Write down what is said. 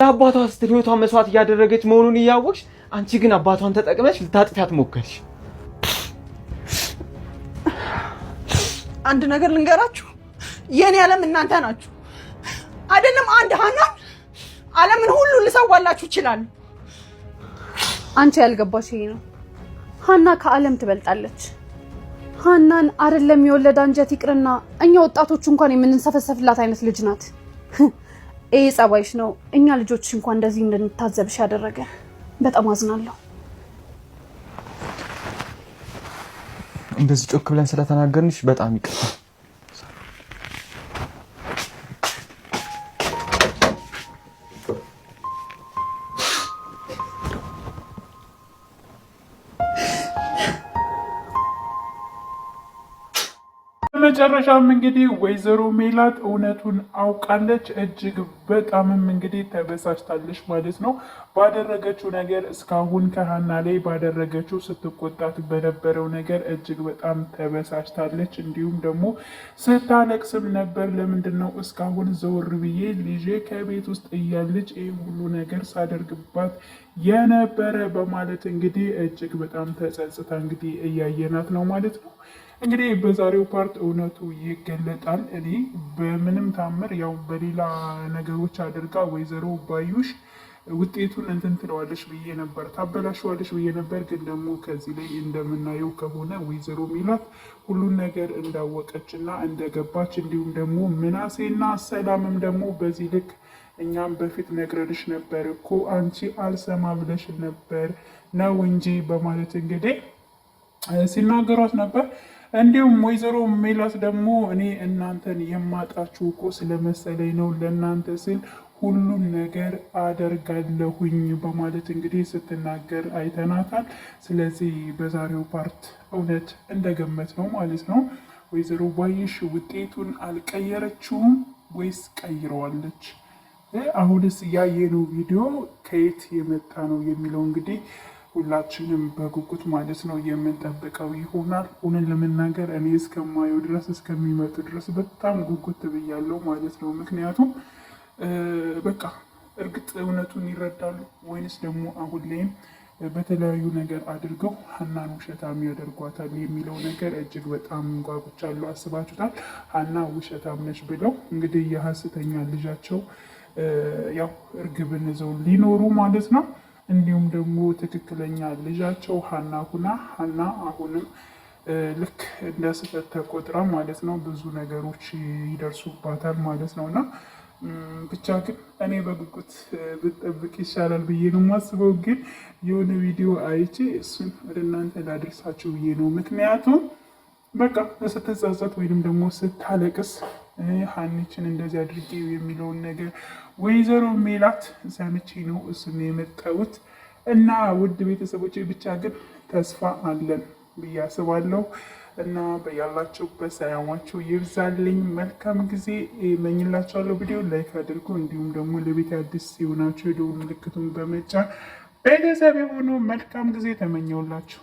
ለአባቷ ስትል ህይወቷን መስዋዕት እያደረገች መሆኑን እያወቅሽ አንቺ ግን አባቷን ተጠቅመሽ ልታጥፊያት ሞከርሽ። አንድ ነገር ልንገራችሁ፣ የኔ ዓለም እናንተ ናችሁ። አይደለም አንድ ሀናን ዓለምን ሁሉ ልሰዋላችሁ ይችላሉ። አንቺ ያልገባሽ ይሄ ነው። ሀና ከዓለም ትበልጣለች። ሀናን አይደለም የወለድ አንጀት ይቅርና እኛ ወጣቶቹ እንኳን የምንሰፈሰፍላት አይነት ልጅ ናት። ይሄ ጸባይሽ ነው እኛ ልጆች እንኳን እንደዚህ እንድንታዘብሽ ያደረገ። በጣም አዝናለሁ። እንደዚህ ጮክ ብለን ስለተናገርንሽ በጣም ይቅርታል። በመጨረሻም እንግዲህ ወይዘሮ ሜላት እውነቱን አውቃለች። እጅግ በጣምም እንግዲህ ተበሳጭታለች ማለት ነው። ባደረገችው ነገር እስካሁን ከሀና ላይ ባደረገችው ስትቆጣት በነበረው ነገር እጅግ በጣም ተበሳጭታለች። እንዲሁም ደግሞ ስታለቅስም ነበር። ለምንድን ነው እስካሁን ዘወር ብዬ ልጄ ከቤት ውስጥ እያለች ይህ ሁሉ ነገር ሳደርግባት የነበረ? በማለት እንግዲህ እጅግ በጣም ተጸጽታ እንግዲህ እያየናት ነው ማለት ነው። እንግዲህ በዛሬው ፓርት እውነቱ ይገለጣል። እኔ በምንም ታምር ያው በሌላ ነገሮች አድርጋ ወይዘሮ ባዩሽ ውጤቱን እንትን ትለዋለች ብዬ ነበር፣ ታበላሸዋለች ብዬ ነበር። ግን ደግሞ ከዚህ ላይ እንደምናየው ከሆነ ወይዘሮ ሚላት ሁሉን ነገር እንዳወቀች እና እንደገባች እንዲሁም ደግሞ ምናሴና ሰላምም ደግሞ በዚህ ልክ እኛም በፊት ነግረንሽ ነበር እኮ አንቺ አልሰማ ብለሽ ነበር ነው እንጂ በማለት እንግዲህ ሲናገሯት ነበር። እንዲሁም ወይዘሮ ሜላት ደግሞ እኔ እናንተን የማጣችሁ እኮ ስለመሰለኝ ነው ለእናንተ ስል ሁሉን ነገር አደርጋለሁኝ በማለት እንግዲህ ስትናገር አይተናታል። ስለዚህ በዛሬው ፓርት እውነት እንደገመት ነው ማለት ነው። ወይዘሮ ባይሽ ውጤቱን አልቀየረችውም ወይስ ቀይረዋለች? አሁንስ ያየነው ቪዲዮ ከየት የመጣ ነው የሚለው እንግዲህ ሁላችንም በጉጉት ማለት ነው የምንጠብቀው ይሆናል። እውነት ለመናገር እኔ እስከማየው ድረስ እስከሚመጡ ድረስ በጣም ጉጉት ብያለው ማለት ነው። ምክንያቱም በቃ እርግጥ እውነቱን ይረዳሉ ወይንስ ደግሞ አሁን ላይም በተለያዩ ነገር አድርገው ሀናን ውሸታም ያደርጓታል የሚለው ነገር እጅግ በጣም ጓጉቻለሁ። አስባችሁታል? ሀና ውሸታም ነች ብለው እንግዲህ የሀሰተኛ ልጃቸው ያው እርግብን ይዘው ሊኖሩ ማለት ነው እንዲሁም ደግሞ ትክክለኛ ልጃቸው ሀና ሁና ሀና አሁንም ልክ እንደ ስህተት ተቆጥራ ማለት ነው ብዙ ነገሮች ይደርሱባታል ማለት ነው እና ብቻ ግን እኔ በጉጉት ብጠብቅ ይሻላል ብዬ ነው የማስበው። ግን የሆነ ቪዲዮ አይቼ እሱን ወደ እናንተ ላደርሳችሁ ብዬ ነው ምክንያቱም በቃ ስትጸጸት ወይም ደግሞ ስታለቅስ ሀኒችን እንደዚህ አድርጌ የሚለውን ነገር ወይዘሮ ሜላት ሰምቼ ነው እሱም የመጣሁት እና ውድ ቤተሰቦች ብቻ ግን ተስፋ አለን ብዬ አስባለሁ እና በያላችሁበት ሰላማችሁ ይብዛልኝ። መልካም ጊዜ መኝላችኋለሁ። ቪዲዮ ላይክ አድርጎ እንዲሁም ደግሞ ለቤት አዲስ የሆናችሁ የደወል ምልክቱን በመጫን ቤተሰብ የሆኑ መልካም ጊዜ ተመኘውላችሁ።